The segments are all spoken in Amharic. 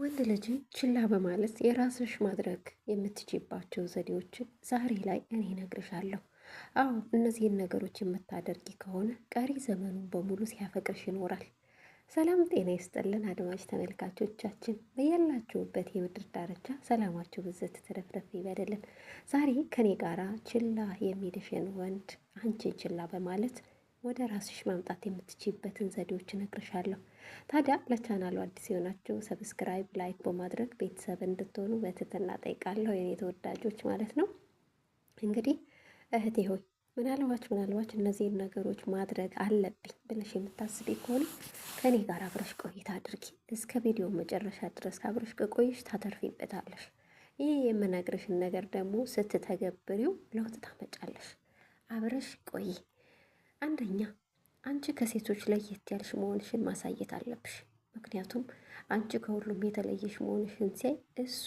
ወንድ ልጅን ችላ በማለት የራስሽ ማድረግ የምትችባቸው ዘዴዎችን ዛሬ ላይ እኔ ነግርሻለሁ። አዎ እነዚህን ነገሮች የምታደርጊ ከሆነ ቀሪ ዘመኑን በሙሉ ሲያፈቅርሽ ይኖራል። ሰላም ጤና ይስጥልን አድማጭ ተመልካቾቻችን በያላችሁበት የምድር ዳርቻ ሰላማችሁ ብዘት ትረፍረፍ ይበደልን። ዛሬ ከኔ ጋራ ችላ የሚልሽን ወንድ አንቺን ችላ በማለት ወደ ራስሽ ማምጣት የምትችይበትን ዘዴዎች እነግርሻለሁ። ታዲያ ለቻናሉ አዲስ የሆናችሁ ሰብስክራይብ፣ ላይክ በማድረግ ቤተሰብ እንድትሆኑ በትህትና ጠይቃለሁ። የኔ ተወዳጆች ማለት ነው እንግዲህ እህቴ ሆይ ምናልባች ምናልባች እነዚህን ነገሮች ማድረግ አለብኝ ብለሽ የምታስቢ ከሆነ ከእኔ ጋር አብረሽ ቆይታ አድርጊ። እስከ ቪዲዮ መጨረሻ ድረስ አብረሽ ከቆይሽ ታተርፊበታለሽ። ይህ የምነግርሽን ነገር ደግሞ ስትተገብሪው ለውጥ ታመጫለሽ። አብረሽ ቆይ አንደኛ አንቺ ከሴቶች ለየት ያልሽ መሆንሽን ማሳየት አለብሽ። ምክንያቱም አንቺ ከሁሉም የተለየሽ መሆንሽን ሲያይ እሱ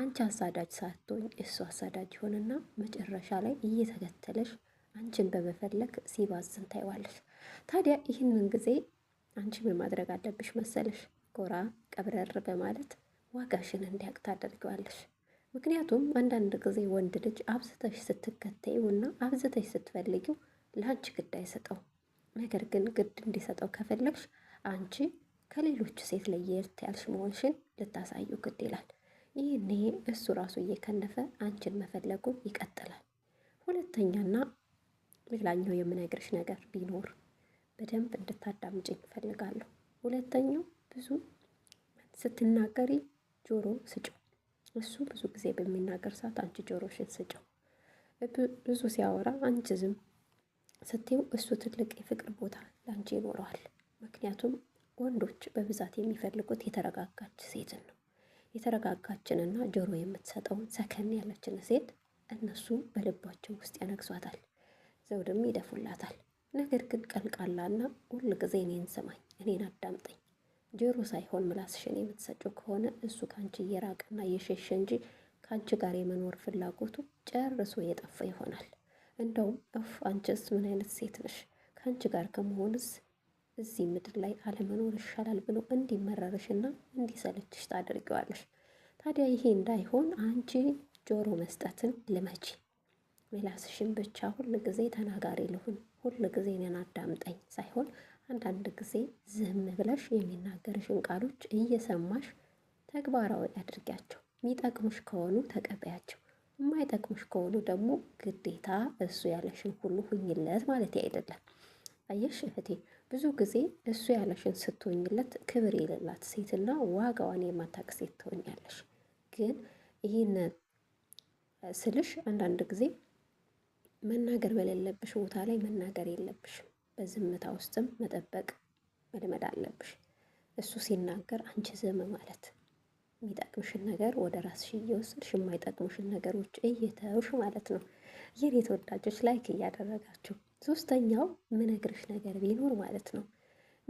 አንቺ አሳዳጅ ሳትሆኝ እሱ አሳዳጅ ይሆንና መጨረሻ ላይ እየተከተለሽ አንቺን በመፈለግ ሲባዝን ታይዋለሽ። ታዲያ ይህንን ጊዜ አንቺ ምን ማድረግ አለብሽ መሰለሽ? ጎራ ቀብረር በማለት ዋጋሽን እንዲያቅ ታደርገዋለሽ። ምክንያቱም አንዳንድ ጊዜ ወንድ ልጅ አብዝተሽ ስትከተይውና አብዝተሽ ስትፈልጊው ለአንቺ ግድ አይሰጠው። ነገር ግን ግድ እንዲሰጠው ከፈለግሽ አንቺ ከሌሎቹ ሴት ለየት ያልሽ መሆንሽን ልታሳዩ ግድ ይላል። ይህኔ እሱ ራሱ እየከነፈ አንቺን መፈለጉ ይቀጥላል። ሁለተኛና ሌላኛው የምነግርሽ ነገር ቢኖር በደንብ እንድታዳምጭኝ እፈልጋለሁ። ሁለተኛው ብዙ ስትናገሪ ጆሮ ስጭው። እሱ ብዙ ጊዜ በሚናገር ሰዓት አንቺ ጆሮሽን ስጭው። ብዙ ሲያወራ አንቺ ዝም ስትይው እሱ ትልቅ የፍቅር ቦታ ለአንቺ ይኖረዋል። ምክንያቱም ወንዶች በብዛት የሚፈልጉት የተረጋጋች ሴትን ነው። የተረጋጋችንና ጆሮ የምትሰጠውን ሰከን ያለችን ሴት እነሱ በልባቸው ውስጥ ያነግሷታል፣ ዘውድም ይደፉላታል። ነገር ግን ቀልቃላና ሁል ጊዜ እኔን ስማኝ፣ እኔን አዳምጠኝ፣ ጆሮ ሳይሆን ምላስሽን የምትሰጪው ከሆነ እሱ ከአንቺ እየራቀና እየሸሸ እንጂ ከአንቺ ጋር የመኖር ፍላጎቱ ጨርሶ የጠፋ ይሆናል። እንደውም እፍ አንቺስ ምን አይነት ሴት ነሽ? ከአንቺ ጋር ከመሆንስ እዚህ ምድር ላይ አለመኖር ይሻላል ብሎ እንዲመረርሽና እንዲሰለችሽ ታደርጊዋለሽ። ታዲያ ይሄ እንዳይሆን አንቺ ጆሮ መስጠትን ልመጂ። ምላስሽን ብቻ ሁል ጊዜ ተናጋሪ ልሁን፣ ሁል ጊዜ እኔን አዳምጠኝ ሳይሆን አንዳንድ ጊዜ ዝም ብለሽ የሚናገርሽን ቃሎች እየሰማሽ ተግባራዊ አድርጊያቸው። የሚጠቅሙሽ ከሆኑ ተቀበያቸው። የማይጠቅምሽ ከሆኑ ደግሞ ግዴታ እሱ ያለሽን ሁሉ ሁኝለት ማለት አይደለም። አየሽ እህቴ፣ ብዙ ጊዜ እሱ ያለሽን ስትሆኝለት ክብር የሌላት ሴትና ዋጋዋን የማታቅ ሴት ትሆኛለሽ። ግን ይህን ስልሽ አንዳንድ ጊዜ መናገር በሌለብሽ ቦታ ላይ መናገር የለብሽም። በዝምታ ውስጥም መጠበቅ መልመድ አለብሽ። እሱ ሲናገር አንቺ ዝም ማለት የሚጠቅምሽን ነገር ወደ ራስሽ እየወሰድሽ የማይጠቅሙሽን ነገሮች እየተውሽ ማለት ነው። የኔ ተወዳጆች ላይክ እያደረጋችሁ ሶስተኛው ምነግርሽ ነገር ቢኖር ማለት ነው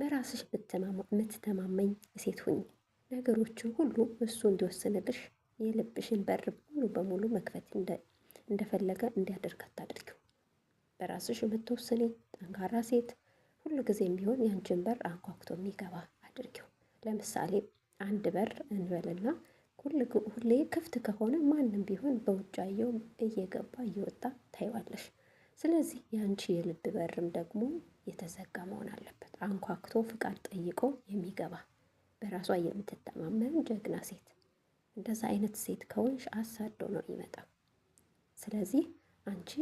በራስሽ የምትተማመኝ ሴት ሁኝ። ነገሮችን ሁሉ እሱ እንዲወስንልሽ የልብሽን በር ሙሉ በሙሉ መክፈት እንደፈለገ እንዲያደርግ አታድርጊው። በራስሽ የምትወስኔ ጠንካራ ሴት ሁሉ ጊዜ የሚሆን ያንቺን በር አንኳኩቶ የሚገባ አድርጊው። ለምሳሌ አንድ በር እንበልና ሁሌ ክፍት ከሆነ ማንም ቢሆን በውጫየው እየገባ እየወጣ ታይዋለሽ። ስለዚህ የአንቺ የልብ በርም ደግሞ የተዘጋ መሆን አለበት። አንኳክቶ ፍቃድ ጠይቆ የሚገባ በራሷ የምትተማመን ጀግና ሴት። እንደዛ አይነት ሴት ከሆንሽ አሳዶ ነው የሚመጣው። ስለዚህ አንቺ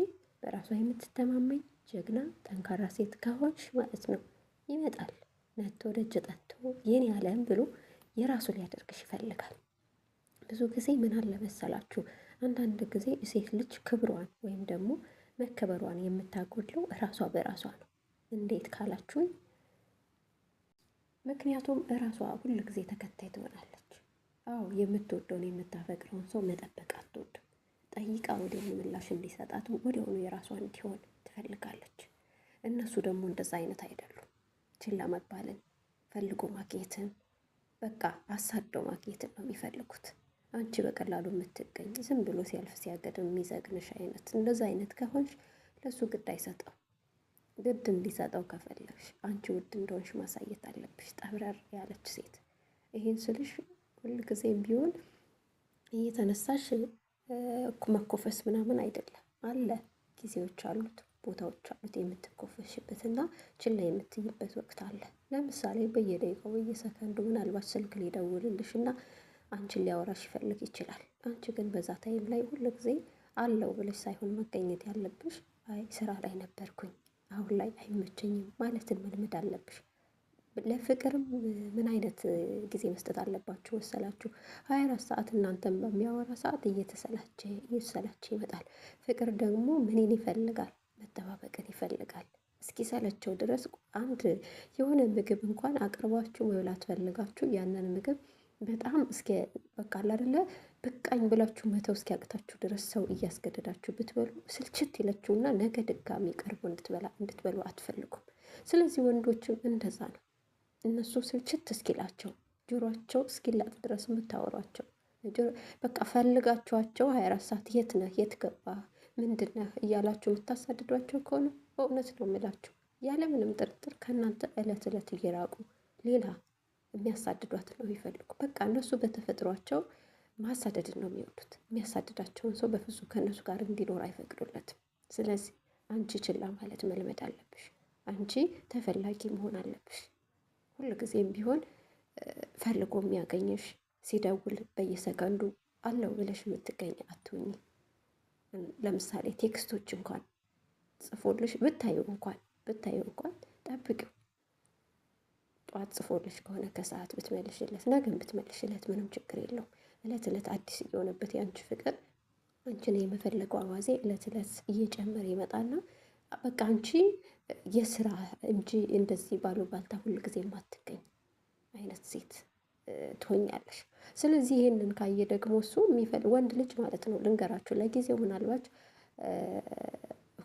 በራሷ የምትተማመኝ ጀግና፣ ጠንካራ ሴት ከሆንሽ ማለት ነው ይመጣል። ነቶ ደጅ ጠጥቶ የኔ አለም ብሎ የራሱ ሊያደርግሽ ይፈልጋል። ብዙ ጊዜ ምን አለ መሰላችሁ አንዳንድ ጊዜ ሴት ልጅ ክብሯን ወይም ደግሞ መከበሯን የምታጎድለው እራሷ በራሷ ነው። እንዴት ካላችሁኝ፣ ምክንያቱም እራሷ ሁል ጊዜ ተከታይ ትሆናለች። አዎ የምትወደውን የምታፈቅረውን ሰው መጠበቅ አትወድም። ጠይቃ ወዲያውኑ ምላሽ እንዲሰጣት ወዲያውኑ የራሷ እንዲሆን ትፈልጋለች። እነሱ ደግሞ እንደዛ አይነት አይደሉም። ችላ መባልን ፈልጎ ማግኘትን በቃ አሳደው ማግኘት ነው የሚፈልጉት። አንቺ በቀላሉ የምትገኝ ዝም ብሎ ሲያልፍ ሲያገድ የሚዘግንሽ አይነት እንደዛ አይነት ከሆንሽ ለእሱ ግድ አይሰጠው። ግድ እንዲሰጠው ከፈለግሽ አንቺ ውድ እንደሆንሽ ማሳየት አለብሽ። ጠብረር ያለች ሴት ይህን ስልሽ ሁልጊዜም ቢሆን እየተነሳሽ መኮፈስ ምናምን አይደለም። አለ ጊዜዎች አሉት። ቦታዎች አሉት የምትኮፈሽበት ችላ የምትይበት ወቅት አለ። ለምሳሌ በየደቂቃው በየሰከንዱ ምናልባት ስልክ ሊደውልልሽ እና አንቺን ሊያወራሽ ይፈልግ ይችላል። አንቺ ግን በዛ ታይም ላይ ሁሉ ጊዜ አለው ብለሽ ሳይሆን መገኘት ያለብሽ አይ ስራ ላይ ነበርኩኝ፣ አሁን ላይ አይመቸኝም ማለትን መልመድ አለብሽ። ለፍቅርም ምን አይነት ጊዜ መስጠት አለባችሁ መሰላችሁ? ሀያ አራት ሰዓት እናንተን በሚያወራ ሰዓት እየተሰላቸ እየተሰላቸ ይመጣል። ፍቅር ደግሞ ምንን ይፈልጋል? መጠባበቅን ይፈልጋል። እስኪሰለቸው ድረስ አንድ የሆነ ምግብ እንኳን አቅርባችሁ መብላት ፈልጋችሁ ያንን ምግብ በጣም እስኪ በቃ አይደለ በቃኝ ብላችሁ መተው እስኪያቅታችሁ ድረስ ሰው እያስገደዳችሁ ብትበሉ ስልችት ይለችሁና ነገ ድጋሚ ቀርቦ እንድትበላ እንድትበሉ አትፈልጉም። ስለዚህ ወንዶችም እንደዛ ነው። እነሱ ስልችት እስኪላቸው ጆሯቸው እስኪላጥ ድረስ የምታወሯቸው በቃ ፈልጋችኋቸው ሀያ አራት ሰዓት የት ነህ የት ገባህ ምንድነው እያላችሁ የምታሳድዷቸው ከሆነ በእውነት ነው የምላችሁ ያለምንም ጥርጥር ከእናንተ እለት እለት እየራቁ ሌላ የሚያሳድዷት ነው የሚፈልጉ። በቃ እነሱ በተፈጥሯቸው ማሳደድን ነው የሚወዱት። የሚያሳድዳቸውን ሰው በፍጹም ከእነሱ ጋር እንዲኖር አይፈቅዱለትም። ስለዚህ አንቺ ችላ ማለት መልመድ አለብሽ። አንቺ ተፈላጊ መሆን አለብሽ። ጊዜም ቢሆን ፈልጎ የሚያገኝሽ ሲደውል በየሰከንዱ አለው ብለሽ የምትገኝ አትሁኝ። ለምሳሌ ቴክስቶች እንኳን ጽፎልሽ ብታዩ እንኳን ብታዩ እንኳን ጠብቂው። ጠዋት ጽፎልሽ ከሆነ ከሰዓት ብትመልሽለት፣ ነገም ብትመልሽለት ምንም ችግር የለውም። እለት እለት አዲስ እየሆነበት የአንቺ ፍቅር አንቺን የመፈለገው አባዜ እለት እለት እየጨመረ ይመጣና በቃ አንቺ የስራ እንጂ እንደዚህ ባሉ ባልታ ሁል ጊዜ የማትገኝ አይነት ሴት ትሆኛለሽ። ስለዚህ ይህንን ካየ ደግሞ እሱ የሚፈል ወንድ ልጅ ማለት ነው ልንገራችሁ፣ ለጊዜው ምናልባት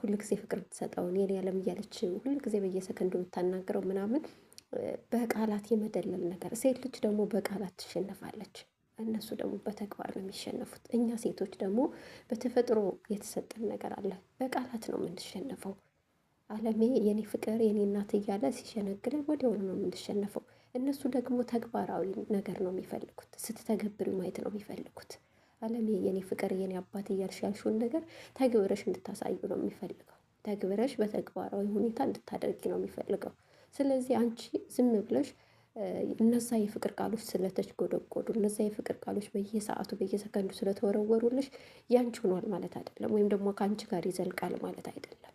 ሁልጊዜ ፍቅር ብትሰጠውን የኔ ያለም እያለች ሁልጊዜ በየሰከንዱ ብታናግረው ምናምን በቃላት የመደለል ነገር፣ ሴት ልጅ ደግሞ በቃላት ትሸነፋለች። እነሱ ደግሞ በተግባር ነው የሚሸነፉት። እኛ ሴቶች ደግሞ በተፈጥሮ የተሰጠን ነገር አለ። በቃላት ነው የምንሸነፈው። አለሜ የኔ ፍቅር የኔ እናት እያለ ሲሸነግለን ወዲያውኑ ነው የምንሸነፈው። እነሱ ደግሞ ተግባራዊ ነገር ነው የሚፈልጉት፣ ስትተገብሪ ማየት ነው የሚፈልጉት። አለም የኔ ፍቅር የኔ አባት እያልሽ ያልሽውን ነገር ተግብረሽ እንድታሳዩ ነው የሚፈልገው። ተግብረሽ በተግባራዊ ሁኔታ እንድታደርጊ ነው የሚፈልገው። ስለዚህ አንቺ ዝም ብለሽ እነዛ የፍቅር ቃሎች ስለተጎደጎዱ እነዛ የፍቅር ቃሎች በየሰዓቱ በየሰከንዱ ስለተወረወሩልሽ ያንቺ ሆኗል ማለት አይደለም፣ ወይም ደግሞ ከአንቺ ጋር ይዘልቃል ማለት አይደለም።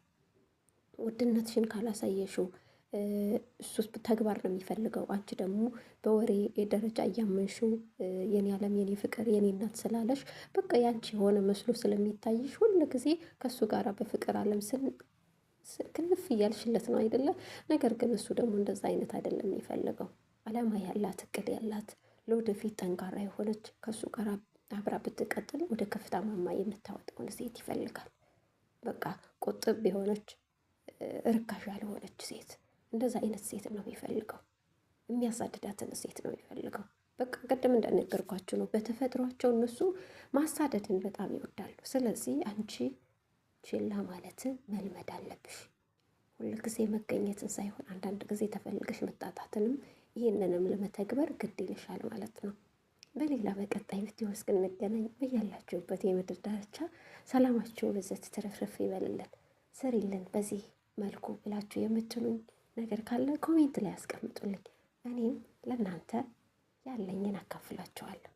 ውድነትሽን ካላሳየሽው እሱ ተግባር ነው የሚፈልገው። አንቺ ደግሞ በወሬ ደረጃ እያመንሽው የኔ ዓለም የኔ ፍቅር የኔ እናት ስላለሽ በቃ ያንቺ የሆነ መስሎ ስለሚታይሽ ሁሉ ጊዜ ከእሱ ጋር በፍቅር ዓለም ክንፍ እያልሽለት ነው አይደለ? ነገር ግን እሱ ደግሞ እንደዛ አይነት አይደለም የሚፈልገው። ዓላማ ያላት እቅድ ያላት ለወደፊት ጠንካራ የሆነች ከእሱ ጋር አብራ ብትቀጥል ወደ ከፍታ ማማ የምታወጣውን ሴት ይፈልጋል። በቃ ቁጥብ የሆነች ርካሽ ያልሆነች ሴት እንደዛ አይነት ሴት ነው የሚፈልገው። የሚያሳድዳትን ሴት ነው የሚፈልገው። በቃ ቅድም እንደነገርኳችሁ ነው። በተፈጥሯቸው እነሱ ማሳደድን በጣም ይወዳሉ። ስለዚህ አንቺ ችላ ማለትን መልመድ አለብሽ። ጊዜ መገኘትን ሳይሆን አንዳንድ ጊዜ ተፈልገሽ መጣጣትንም ይህንንም ለመተግበር ግድ ይልሻል ማለት ነው። በሌላ በቀጣይ ቪዲዮ እስክንገናኝ በያላችሁበት የምድር ዳርቻ ሰላማችሁ ብዘት ትረፍረፍ ይበልልን ስሪልን በዚህ መልኩ ብላችሁ የምትሉኝ ነገር ካለ ኮሜንት ላይ ያስቀምጡልኝ። እኔም ለእናንተ ያለኝን አካፍላችኋለሁ።